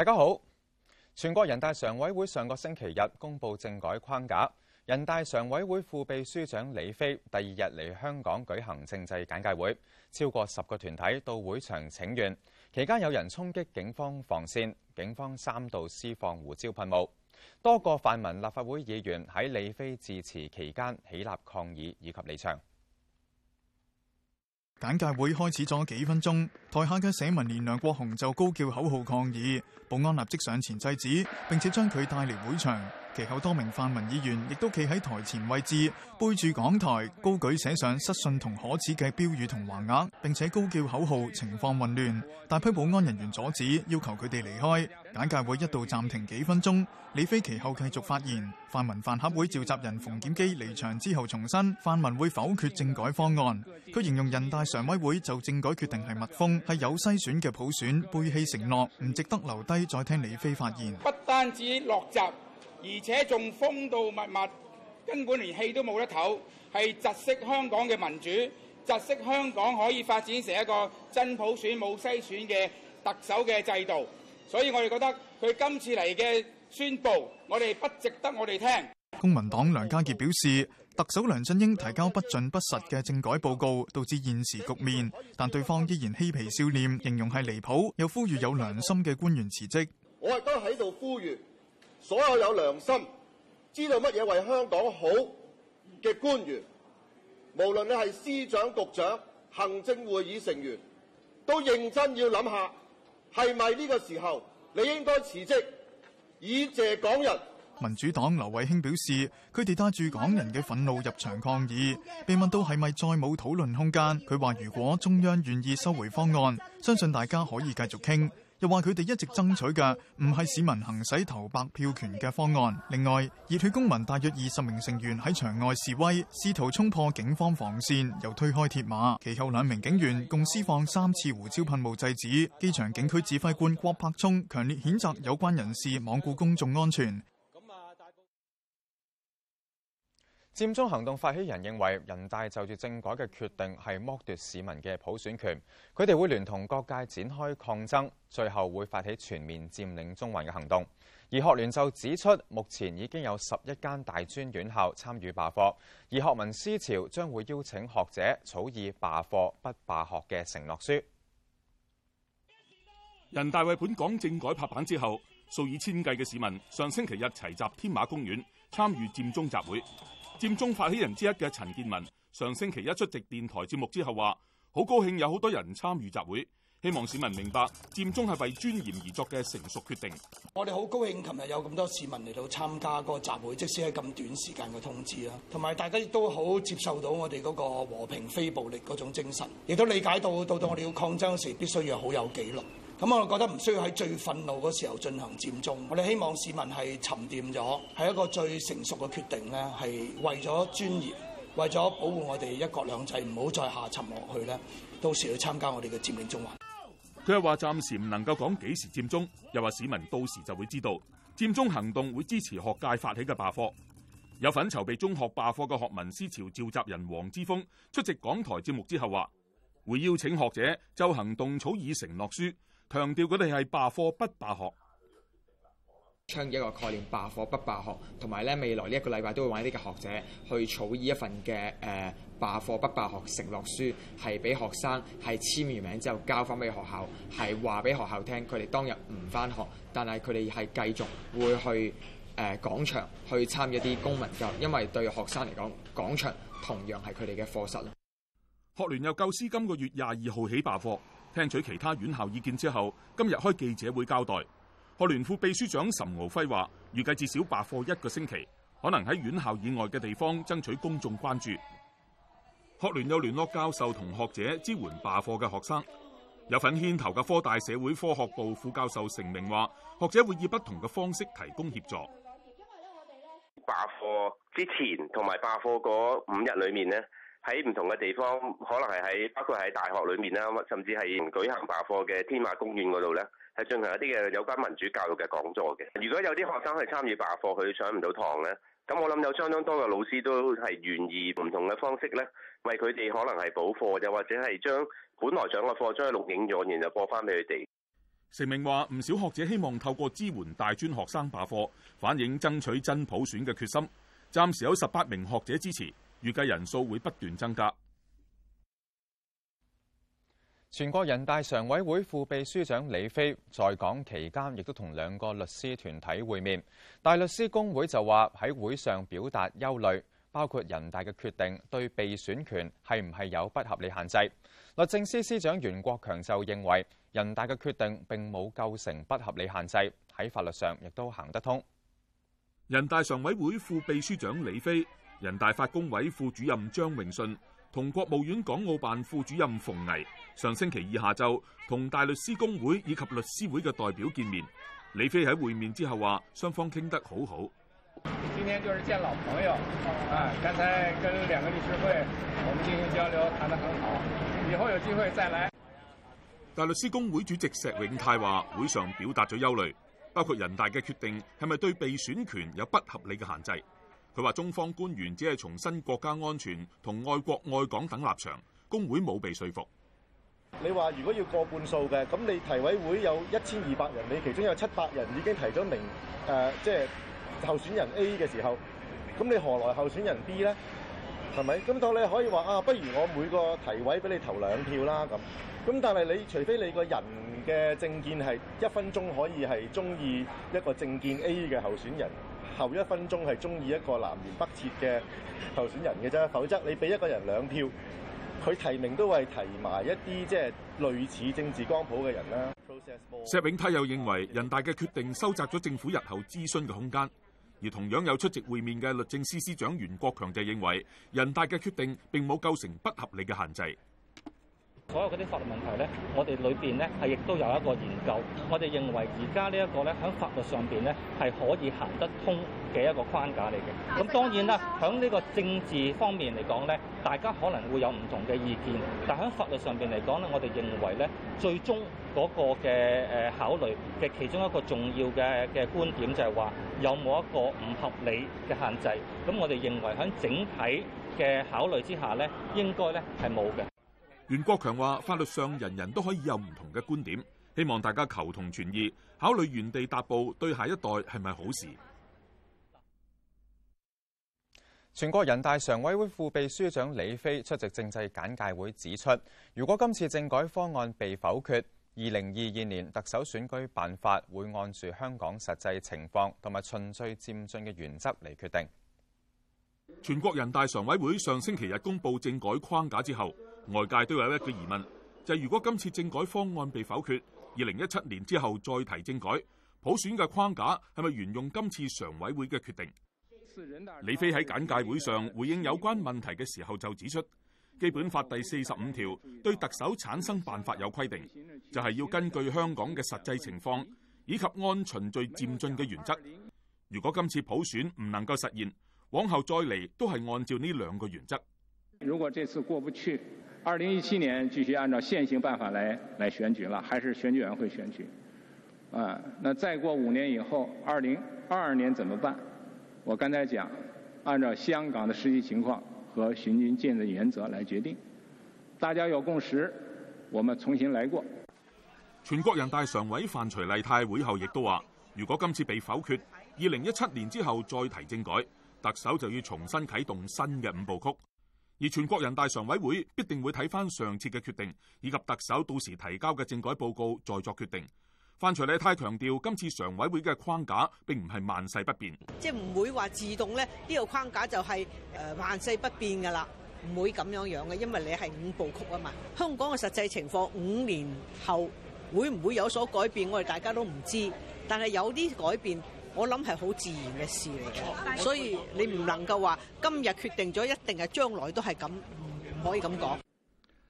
大家好，全國人大常委會上個星期日公布政改框架，人大常委會副秘書長李飛第二日嚟香港舉行政制簡介會，超過十個團體到會場請願，期間有人衝擊警方防線，警方三度施放胡椒噴霧，多個泛民立法會議員喺李飛致辭期間起立抗議以及離場。簡介會開始咗幾分鐘，台下嘅社民連梁國雄就高叫口號抗議，保安立即上前制止，並且將佢帶離會場。其後多名泛民議員亦都企喺台前位置，背住港台，高舉寫上失信同可恥嘅標語同橫額，並且高叫口號，情況混亂。大批保安人員阻止，要求佢哋離開。簡介會一度暫停幾分鐘。李飛其後繼續發言。泛民飯盒會召集人馮檢基離場之後，重申泛民會否決政改方案。佢形容人大常委會就政改決定係密封，係有篩選嘅普選背棄承諾，唔值得留低再聽李飛發言。不單止落閘。而且仲封到密密，根本連氣都冇得唞，係窒息香港嘅民主，窒息香港可以發展成一個真普選冇篩選嘅特首嘅制度。所以我哋覺得佢今次嚟嘅宣佈，我哋不值得我哋聽。公民黨梁家傑表示，特首梁振英提交不盡不實嘅政改報告，導致現時局面，但對方依然嬉皮笑臉，形容係離譜，又呼籲有良心嘅官員辭職。我亦都喺度呼籲。所有有良心、知道乜嘢為香港好嘅官員，無論你係司長、局長、行政會議成員都認真要諗下，係咪呢個時候你應該辭職以謝港人。民主黨劉慧卿表示，佢哋帶住港人嘅憤怒入場抗議，被問到係咪再冇討論空間，佢話，如果中央願意收回方案，相信大家可以繼續傾。又話佢哋一直爭取嘅唔係市民行使投白票權嘅方案。另外，熱血公民大約二十名成員喺場外示威，試圖衝破警方防線，又推開鐵馬。其後兩名警員共施放三次胡椒噴霧制止。機場警區指揮官郭柏聰強烈譴責有關人士罔顧公眾安全。佔中行動發起人認為，人大就住政改嘅決定係剝奪市民嘅普選權，佢哋會聯同各界展開抗爭，最後會發起全面佔領中環嘅行動。而學聯就指出，目前已經有十一間大專院校參與罷課，而學民思潮將會邀請學者草擬罷課不罷學嘅承諾書。人大為本港政改拍板之後，數以千計嘅市民上星期日齊集天馬公園參與佔中集會。佔中發起人之一嘅陳建文，上星期一出席電台節目之後話：好高興有好多人參與集會，希望市民明白，佔中係為尊嚴而作嘅成熟決定。我哋好高興，琴日有咁多市民嚟到參加個集會，即使係咁短時間嘅通知啦，同埋大家亦都好接受到我哋嗰個和平非暴力嗰種精神，亦都理解到到到我哋要抗爭時，必須要好有紀律。咁我覺得唔需要喺最憤怒嗰時候進行佔中。我哋希望市民係沉澱咗，係一個最成熟嘅決定，呢係為咗尊嚴，為咗保護我哋一國兩制，唔好再下沉落去呢，到時去參加我哋嘅佔領中環。佢又話暫時唔能夠講幾時佔中，又話市民到時就會知道，佔中行動會支持學界發起嘅罷課。有份籌備中學罷課嘅學民思潮召集人黃之鋒出席港台節目之後話：會邀請學者就行動草擬承諾書。強調佢哋係罷課不罷學，唱一個概念罷課不罷學，同埋咧未來呢一個禮拜都會搵呢個學者去草擬一份嘅誒罷課不罷學承諾書，係俾學生係簽完名之後交翻俾學校，係話俾學校聽佢哋當日唔翻學，但係佢哋係繼續會去誒廣場去參與一啲公民教育，因為對學生嚟講，廣場同樣係佢哋嘅課室啦。學聯又教師今個月廿二號起罷課。聽取其他院校意見之後，今日開記者會交代，學聯副秘書長岑敖輝話，預計至少罷課一個星期，可能喺院校以外嘅地方爭取公眾關注。學聯有聯絡教授同學者支援罷課嘅學生，有份牽頭嘅科大社會科學部副教授成名話，學者會以不同嘅方式提供協助。因為我哋罷課之前同埋罷課嗰五日裏面咧。喺唔同嘅地方，可能係喺包括喺大學裏面啦，甚至係舉行罷課嘅天馬公園嗰度咧，係進行一啲嘅有關民主教育嘅講座嘅。如果有啲學生係參與罷課，佢上唔到堂咧，咁我諗有相當多嘅老師都係願意唔同嘅方式咧，為佢哋可能係補課，又或者係將本來上嘅課將佢錄影咗，然後播翻俾佢哋。成名話唔少學者希望透過支援大專學生罷課，反映爭取真普選嘅決心。暫時有十八名學者支持。預計人數會不斷增加。全國人大常委會副秘書長李飛在港期間亦都同兩個律師團體會面，大律師公會就話喺會上表達憂慮，包括人大嘅決定對被選權係唔係有不合理限制。律政司司長袁國強就認為人大嘅決定並冇構成不合理限制，喺法律上亦都行得通。人大常委會副秘書長李飛。人大法工委副主任張榮順同國務院港澳辦副主任馮毅上星期二下晝同大律師公會以及律師會嘅代表見面。李飛喺會面之後話，雙方傾得好好。今天就是見老朋友，啊剛才跟兩個律師會，我們進行交流，談得很好，以後有機會再來。大律師公會主席石永泰話，會上表達咗憂慮，包括人大嘅決定係咪對被選權有不合理嘅限制。佢話中方官員只係重申國家安全同愛國愛港等立場，工會冇被說服。你話如果要過半數嘅，咁你提委會有一千二百人，你其中有七百人已經提咗名，誒、呃，即係候選人 A 嘅時候，咁你何來候選人 B 咧？係咪？咁當你可以話啊，不如我每個提委俾你投兩票啦咁。咁但係你除非你個人嘅證件係一分鐘可以係中意一個證件 A 嘅候選人，後一分鐘係中意一個南轅北轍嘅候選人嘅啫，否則你俾一個人兩票，佢提名都係提埋一啲即係類似政治光譜嘅人啦。石永泰又認為人大嘅決定收窄咗政府日後諮詢嘅空間，而同樣有出席會面嘅律政司司長袁國強就認為人大嘅決定並冇構成不合理嘅限制。所有嗰啲法律問題咧，我哋裏邊咧係亦都有一個研究。我哋認為而家呢一個咧，響法律上邊咧係可以行得通嘅一個框架嚟嘅。咁當然啦，響呢個政治方面嚟講咧，大家可能會有唔同嘅意見。但響法律上邊嚟講咧，我哋認為咧，最終嗰個嘅誒考慮嘅其中一個重要嘅嘅觀點就係話，有冇一個唔合理嘅限制？咁我哋認為響整體嘅考慮之下咧，應該咧係冇嘅。袁國強話，法律上人人都可以有唔同嘅觀點，希望大家求同存異，考慮原地踏步對下一代係咪好事。全國人大常委會副秘書長李飛出席政制簡介會指出，如果今次政改方案被否決，二零二二年特首選舉辦法會按住香港實際情況同埋循序漸進嘅原則嚟決定。全國人大常委會上星期日公布政改框架之後，外界都有一個疑問，就係、是、如果今次政改方案被否決，二零一七年之後再提政改，普選嘅框架係咪沿用今次常委會嘅決定？李飛喺簡介會上回應有關問題嘅時候就指出，《基本法》第四十五條對特首產生辦法有規定，就係、是、要根據香港嘅實際情況以及按循序漸進嘅原則。如果今次普選唔能夠實現，往後再嚟都係按照呢兩個原則。如果這次過不去。二零一七年繼續按照現行辦法來來選舉了，還是選舉委員會選舉？啊，那再過五年以後，二零二二年怎麼辦？我剛才講，按照香港的實際情況和循序漸進的原則來決定。大家有共識，我們重新來過。全國人大常委范徐麗泰會後亦都話，如果今次被否決，二零一七年之後再提政改，特首就要重新啟動新嘅五部曲。而全國人大常委會必定會睇翻上次嘅決定，以及特首到時提交嘅政改報告，再作決定。范徐麗泰強調，今次常委會嘅框架並唔係萬世不變，即係唔會話自動咧呢、呢個框架就係、是、誒、呃、萬世不變㗎啦，唔會咁樣樣嘅，因為你係五步曲啊嘛。香港嘅實際情況五年後會唔會有所改變，我哋大家都唔知，但係有啲改變。我諗係好自然嘅事嚟嘅，所以你唔能夠話今日決定咗一定係將來都係咁，唔可以咁講。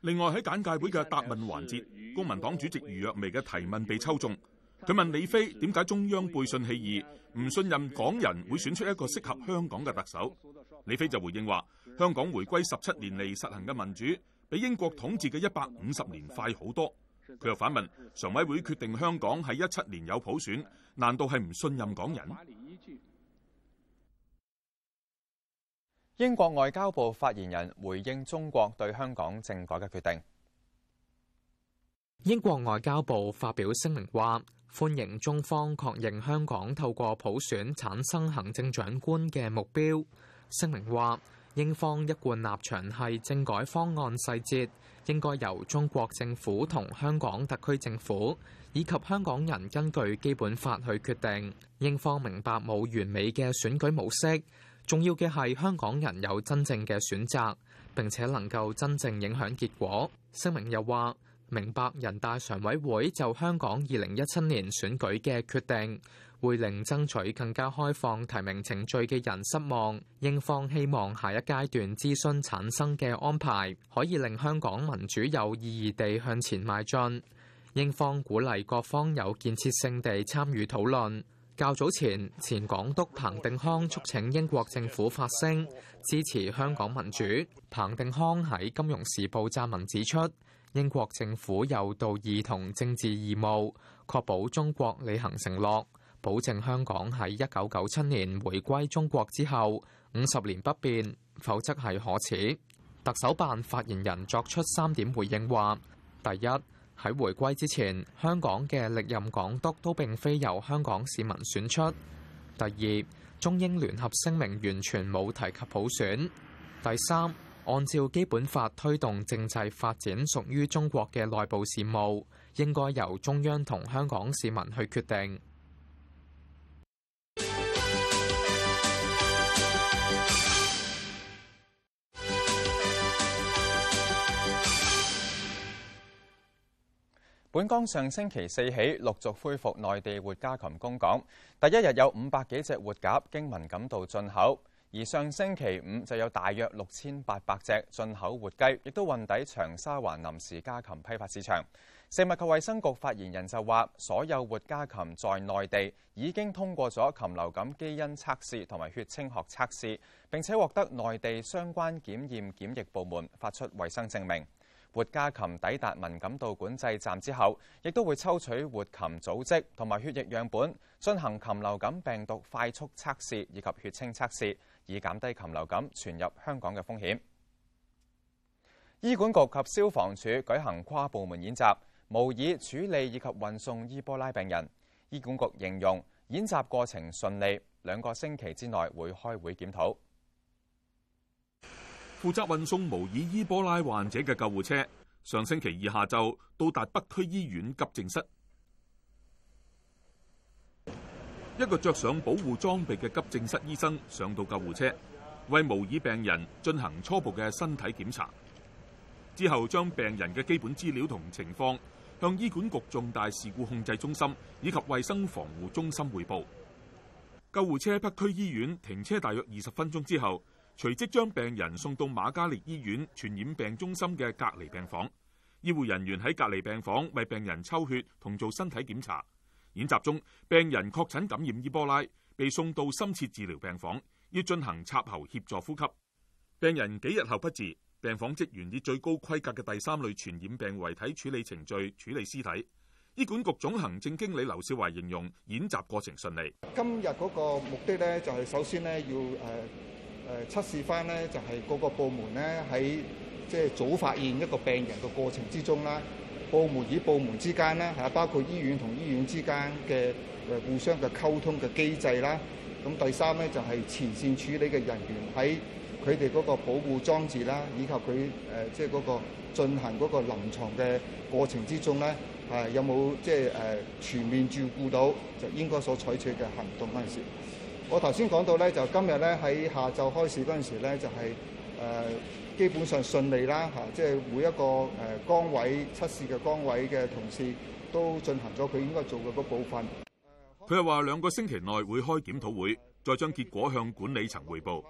另外喺簡介會嘅答問環節，公民黨主席余若薇嘅提問被抽中，佢問李飛點解中央背信棄義，唔信任港人會選出一個適合香港嘅特首。李飛就回應話：香港回歸十七年嚟實行嘅民主，比英國統治嘅一百五十年快好多。佢又反問：「常委會決定香港喺一七年有普選，難道係唔信任港人？」英國外交部發言人回應中國對香港政改嘅決定。英國外交部發表聲明話，歡迎中方確認香港透過普選產生行政長官嘅目標。聲明話：英方一貫立場係政改方案細節應該由中國政府同香港特區政府以及香港人根據基本法去決定。英方明白冇完美嘅選舉模式，重要嘅係香港人有真正嘅選擇，並且能夠真正影響結果。聲明又話明白人大常委會就香港二零一七年選舉嘅決定。會令爭取更加開放提名程序嘅人失望。英方希望下一階段諮詢產生嘅安排可以令香港民主有意義地向前邁進。英方鼓勵各方有建設性地參與討論。較早前，前，前港督彭定康促請英國政府發聲支持香港民主。彭定康喺《金融時報》撰文指出，英國政府有道義同政治義務確保中國履行承諾。保證香港喺一九九七年回歸中國之後五十年不變，否則係可恥。特首辦發言人作出三點回應話：第一，喺回歸之前，香港嘅歷任港督都並非由香港市民選出；第二，中英聯合聲明完全冇提及普選；第三，按照基本法推動政制發展屬於中國嘅內部事務，應該由中央同香港市民去決定。本港上星期四起陸續恢復內地活家禽供港，第一日有五百幾隻活鴿經文錦渡進口，而上星期五就有大約六千八百隻進口活雞，亦都運抵長沙灣臨時家禽批發市場。食物及衛生局發言人就話，所有活家禽在內地已經通過咗禽流感基因測試同埋血清學測試，並且獲得內地相關檢驗檢疫部門發出衛生證明。活家禽抵達文錦渡管制站之後，亦都會抽取活禽組織同埋血液樣本，進行禽流感病毒快速測試以及血清測試，以減低禽流感傳入香港嘅風險。醫管局及消防處舉行跨部門演習，模擬處理以及運送伊波拉病人。醫管局形容演習過程順利，兩個星期之內會開會檢討。負責運送模擬伊波拉患者嘅救護車，上星期二下晝到達北區醫院急症室。一個着上保護裝備嘅急症室醫生上到救護車，為模擬病人進行初步嘅身體檢查，之後將病人嘅基本資料同情況向醫管局重大事故控制中心以及衛生防護中心匯報。救護車喺北區醫院停車大約二十分鐘之後。隨即將病人送到瑪嘉烈醫院傳染病中心嘅隔離病房，醫護人員喺隔離病房為病人抽血同做身體檢查。演習中，病人確診感染伊波拉，被送到深切治療病房，要進行插喉協助呼吸。病人幾日後不治，病房職員以最高規格嘅第三類傳染病遺體處理程序處理屍體。醫管局總行政經理劉少華形容演習過程順利。今日嗰個目的呢，就係、是、首先呢要誒。呃誒測試翻咧，就係個個部門咧喺即係早發現一個病人嘅過程之中啦。部門與部門之間啦，係包括醫院同醫院之間嘅誒互相嘅溝通嘅機制啦。咁第三咧就係前線處理嘅人員喺佢哋嗰個保護裝置啦，以及佢誒即係嗰個進行嗰個臨牀嘅過程之中咧，係有冇即係誒全面照顧到，就應該所採取嘅行動嗰陣時我頭先講到咧，就今日咧喺下晝開始嗰陣時咧，就係、是、誒基本上順利啦嚇，即、就、係、是、每一個誒崗位測試嘅崗位嘅同事都進行咗佢應該做嘅部分。佢又話兩個星期內會開檢討會，再將結果向管理層彙報。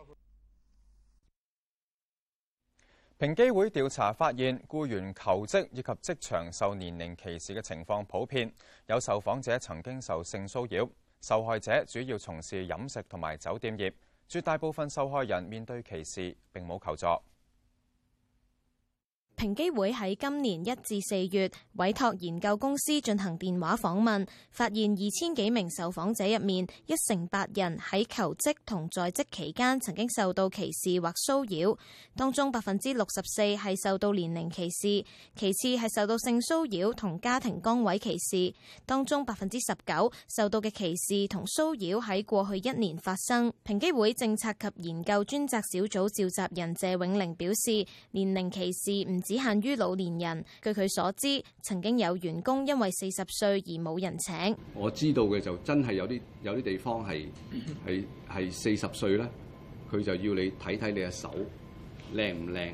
平機會調查發現，僱員求職以及職場受年齡歧視嘅情況普遍，有受訪者曾經受性騷擾。受害者主要從事飲食同埋酒店業，絕大部分受害人面對歧視並冇求助。平機會喺今年一至四月委託研究公司進行電話訪問，發現二千幾名受訪者入面，一成八人喺求職同在職期間曾經受到歧視或騷擾，當中百分之六十四係受到年齡歧視，其次係受到性騷擾同家庭崗位歧視，當中百分之十九受到嘅歧視同騷擾喺過去一年發生。平機會政策及研究專責小組召集人謝永齡表示，年齡歧視唔只限於老年人。據佢所知，曾經有員工因為四十歲而冇人請。我知道嘅就真係有啲有啲地方係係係四十歲咧，佢就要你睇睇你嘅手靚唔靚？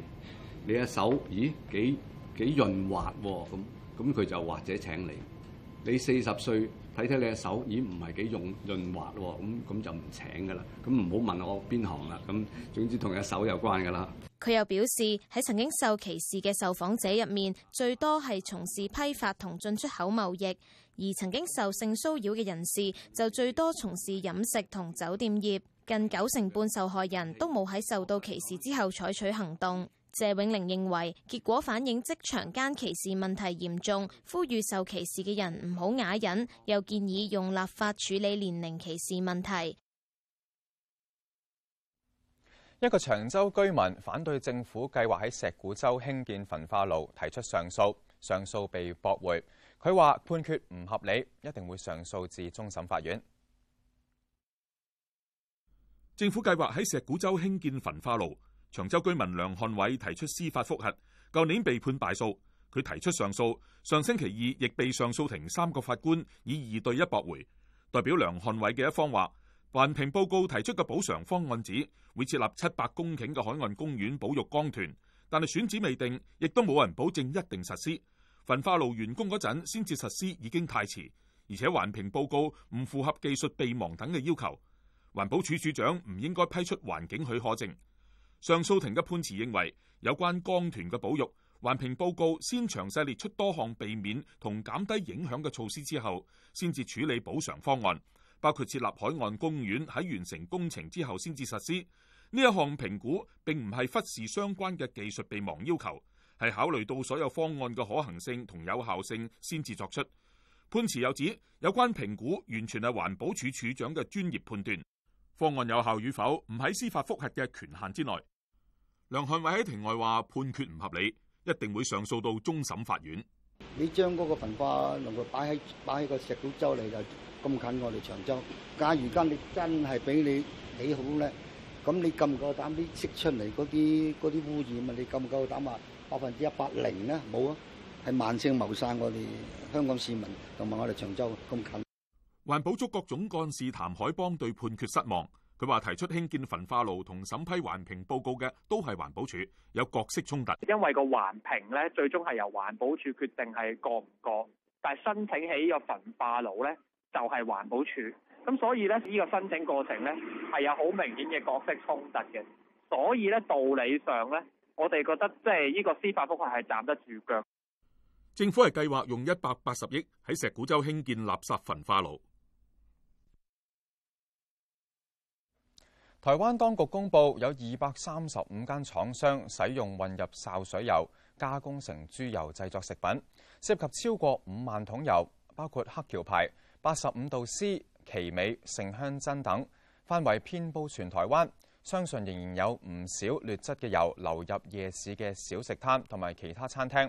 你嘅手咦幾幾潤滑喎？咁咁佢就或者請你。你四十歲睇睇你隻手，已經唔係幾用潤滑喎，咁咁就唔請㗎啦，咁唔好問我邊行啦，咁總之同隻手有關㗎啦。佢又表示，喺曾經受歧視嘅受訪者入面，最多係從事批發同進出口貿易，而曾經受性騷擾嘅人士就最多從事飲食同酒店業，近九成半受害人都冇喺受到歧視之後採取行動。謝永玲認為，結果反映職場間歧視問題嚴重，呼籲受歧視嘅人唔好啞忍，又建議用立法處理年齡歧視問題。一個長洲居民反對政府計劃喺石鼓洲興建焚化爐，提出上訴，上訴被駁回。佢話判決唔合理，一定會上訴至終審法院。政府計劃喺石鼓洲興建焚化爐。長洲居民梁漢偉提出司法覆核，舊年被判敗訴，佢提出上訴，上星期二亦被上訴庭三個法官以二對一駁回。代表梁漢偉嘅一方話，環評報告提出嘅補償方案指會設立七百公頃嘅海岸公園保育光團，但係選址未定，亦都冇人保證一定實施。焚化爐完工嗰陣先至實施已經太遲，而且環評報告唔符合技術備忘等嘅要求，環保署署長唔應該批出環境許可證。上訴庭嘅判詞認為，有關江豚嘅保育，環評報告先詳細列出多項避免同減低影響嘅措施之後，先至處理補償方案，包括設立海岸公園喺完成工程之後先至實施。呢一項評估並唔係忽視相關嘅技術備忘要求，係考慮到所有方案嘅可行性同有效性先至作出。判詞又指，有關評估完全係環保署署長嘅專業判斷，方案有效與否唔喺司法覆核嘅權限之內。梁漢偉喺庭外話判決唔合理，一定會上訴到終審法院。你將嗰個焚化爐佢擺喺擺喺個石鼓洲嚟，就咁近我哋長洲。假如今你真係俾你起好咧，咁你咁夠唔夠膽啲釋出嚟嗰啲啲污染啊？你夠唔夠膽話百分之一百零呢？冇啊，係慢性謀殺我哋香港市民同埋我哋長洲咁近。環保觸覺總幹事譚海邦對判決失望。佢話提出興建焚化爐同審批環評報告嘅都係環保署，有角色衝突。因為個環評咧，最終係由環保署決定係過唔過，但係申請起呢個焚化爐咧，就係環保署。咁所以咧，呢個申請過程咧係有好明顯嘅角色衝突嘅。所以咧，道理上咧，我哋覺得即係呢個司法覆核係站得住腳。政府係計劃用一百八十億喺石鼓洲興建垃圾焚化爐。台灣當局公布有二百三十五間廠商使用混入潲水油加工成豬油製作食品，涉及超過五萬桶油，包括黑橋牌、八十五度 C、奇美、盛香珍等，範圍遍佈全台灣。相信仍然有唔少劣質嘅油流入夜市嘅小食攤同埋其他餐廳。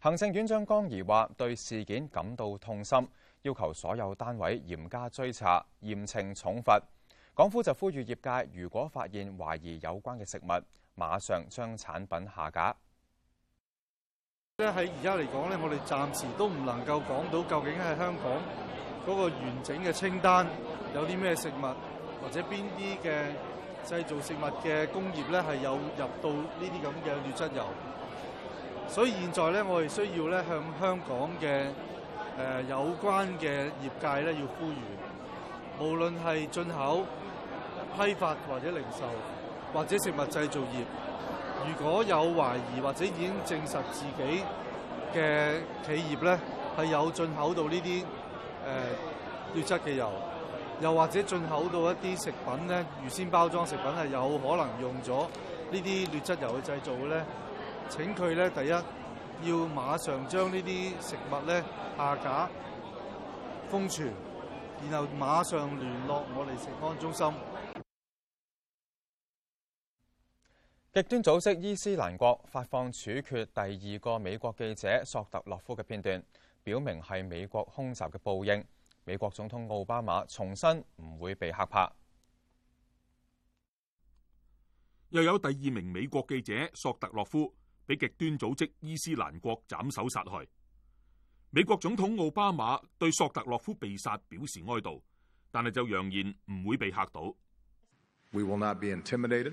行政院長江宜樺話對事件感到痛心，要求所有單位嚴加追查，嚴懲重罰。港府就呼籲業界，如果發現懷疑有關嘅食物，馬上將產品下架。咧喺而家嚟講咧，我哋暫時都唔能夠講到究竟喺香港嗰個完整嘅清單有啲咩食物，或者邊啲嘅製造食物嘅工業咧係有入到呢啲咁嘅劣質油。所以現在咧，我哋需要咧向香港嘅誒有關嘅業界咧要呼籲，無論係進口。批發或者零售或者食物製造業，如果有懷疑或者已經證實自己嘅企業咧係有進口到呢啲誒劣質嘅油，又或者進口到一啲食品咧，預先包裝食品係有可能用咗呢啲劣質油去製造嘅咧，請佢咧第一要馬上將呢啲食物咧下架封存，然後馬上聯絡我哋食安中心。極端組織伊斯蘭國發放處決第二個美國記者索特洛夫嘅片段，表明係美國空襲嘅報應。美國總統奧巴馬重申唔會被嚇怕。又有第二名美國記者索特洛夫被極端組織伊斯蘭國斬首殺害。美國總統奧巴馬對索特洛夫被殺表示哀悼，但係就揚言唔會被嚇到。We will not be intimidated.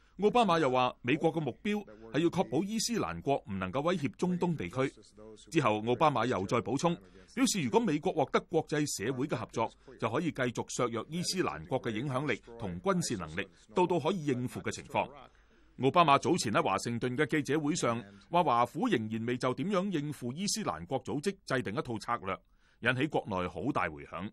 奧巴馬又話：美國嘅目標係要確保伊斯蘭國唔能夠威脅中東地區。之後，奧巴馬又再補充，表示如果美國獲得國際社會嘅合作，就可以繼續削弱伊斯蘭國嘅影響力同軍事能力，到到可以應付嘅情況。奧巴馬早前喺華盛頓嘅記者會上話：華府仍然未就點樣應付伊斯蘭國組織制定一套策略，引起國內好大回響。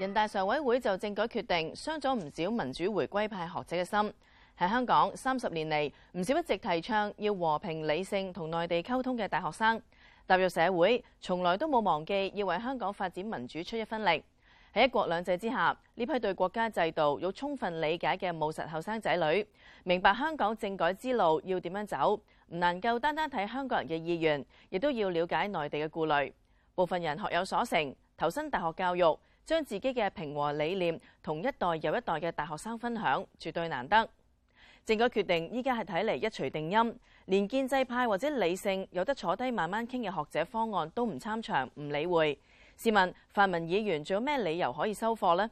人大常委會就政改決定傷咗唔少民主回歸派學者嘅心。喺香港三十年嚟，唔少一直提倡要和平理性同內地溝通嘅大學生踏入社會，從來都冇忘記要為香港發展民主出一分力。喺一國兩制之下，呢批對國家制度有充分理解嘅務實後生仔女，明白香港政改之路要點樣走，唔能夠單單睇香港人嘅意願，亦都要了解內地嘅顧慮，部分人學有所成，投身大學教育。將自己嘅平和理念同一代又一代嘅大學生分享，絕對難得。政改決定依家係睇嚟一錘定音，連建制派或者理性有得坐低慢慢傾嘅學者方案都唔參詳、唔理會。試問泛民議員仲有咩理由可以收貨呢？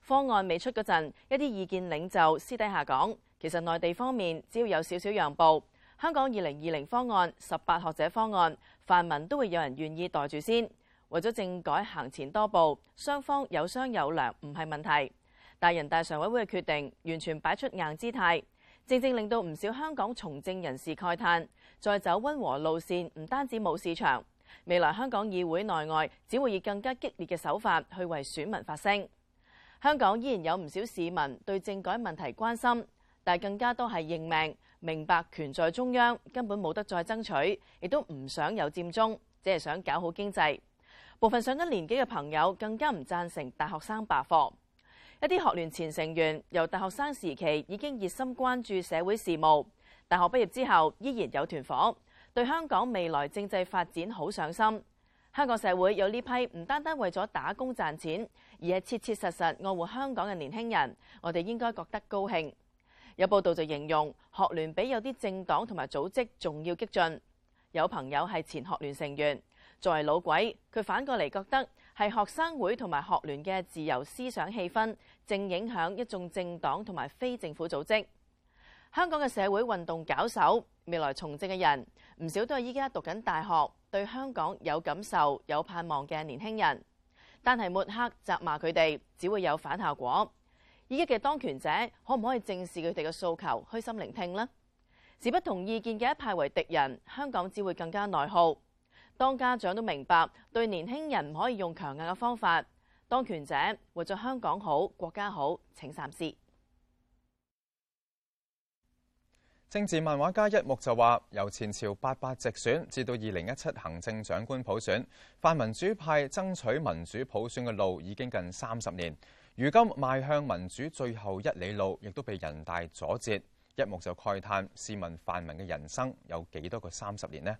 方案未出嗰陣，一啲意見領袖私底下講，其實內地方面只要有少少讓步，香港二零二零方案、十八學者方案，泛民都會有人願意袋住先。為咗政改行前多步，雙方有商有量唔係問題，但人大常委會嘅決定完全擺出硬姿態，正正令到唔少香港從政人士慨嘆。再走溫和路線唔單止冇市場，未來香港議會內外只會以更加激烈嘅手法去為選民發聲。香港依然有唔少市民對政改問題關心，但更加都係認命，明白權在中央，根本冇得再爭取，亦都唔想有佔中，只係想搞好經濟。部分上咗年紀嘅朋友更加唔贊成大學生罷課。一啲學聯前成員由大學生時期已經熱心關注社會事務，大學畢業之後依然有團火對香港未來政制發展好上心。香港社會有呢批唔單單為咗打工賺錢，而係切切實實愛護香港嘅年輕人，我哋應該覺得高興。有報道就形容學聯比有啲政黨同埋組織仲要激進。有朋友係前學聯成員。作為老鬼，佢反過嚟覺得係學生會同埋學聯嘅自由思想氣氛，正影響一眾政黨同埋非政府組織香港嘅社會運動攪手。未來從政嘅人唔少，都係依家讀緊大學，對香港有感受、有盼望嘅年輕人。但係，抹黑、責罵佢哋，只會有反效果。依家嘅當權者可唔可以正視佢哋嘅訴求，虛心聆聽呢？視不同意見嘅一派為敵人，香港只會更加內耗。當家長都明白，對年輕人唔可以用強硬嘅方法。當權者為咗香港好，國家好，請三思。政治漫畫家一木就話：由前朝八八直選至到二零一七行政長官普選，泛民主派爭取民主普選嘅路已經近三十年。如今邁向民主最後一里路，亦都被人大阻截。一木就慨嘆：試問泛民嘅人生有幾多個三十年呢？